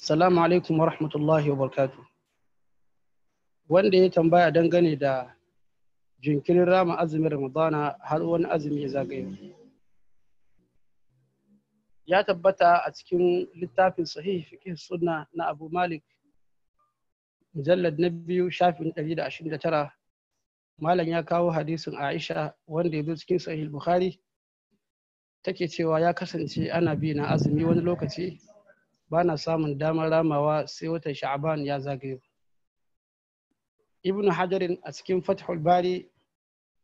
Assalamu alaikum wa rahmatullahi wa barkatu. Wanda ya tambaya dangane da jinkirin rama azumin Ramadana har wani azumi ya zagaye. Ya tabbata a cikin littafin sahih fiqh sunna na Abu Malik mujallad na biyu shafin 129 malam ya kawo hadisin Aisha wanda ya zo cikin sahih Bukhari take cewa ya kasance ana bi na azumi wani lokaci ba na samun damar ramawa sai watan sha'aban ya zagayo ibn hajarin a cikin fathul bari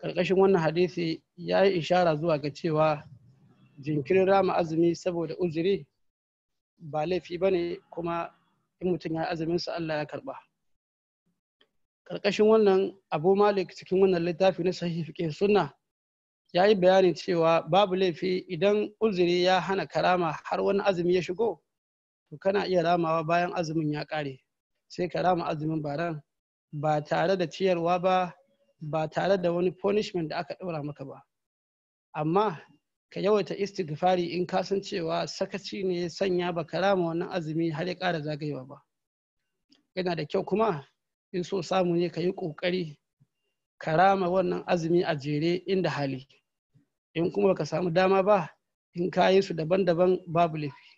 karkashin wannan hadisi ya yi ishara zuwa ga cewa jinkirin rama azumi saboda uzuri ba laifi ba ne kuma in mutum ya yi azumin su Allah ya karba karkashin wannan abu malik cikin wannan littafi na sahih sunna ya yi bayanin cewa babu laifi idan uzuri ya hana karama har wani azumi ya shigo to kana iya ramawa bayan azumin ya ƙare sai ka rama azumin baran ba tare da ciyarwa ba ba tare da wani punishment da aka ɗora maka ba amma ka yawaita istighfari in ka san cewa sakaci ne sanya ba ka rama wannan azumi har ya ƙara zagayewa ba yana da kyau kuma in so samu ne ka yi ƙoƙari ka rama wannan azumi a jere inda hali in kuma ka samu dama ba in ka yi su daban-daban babu laifi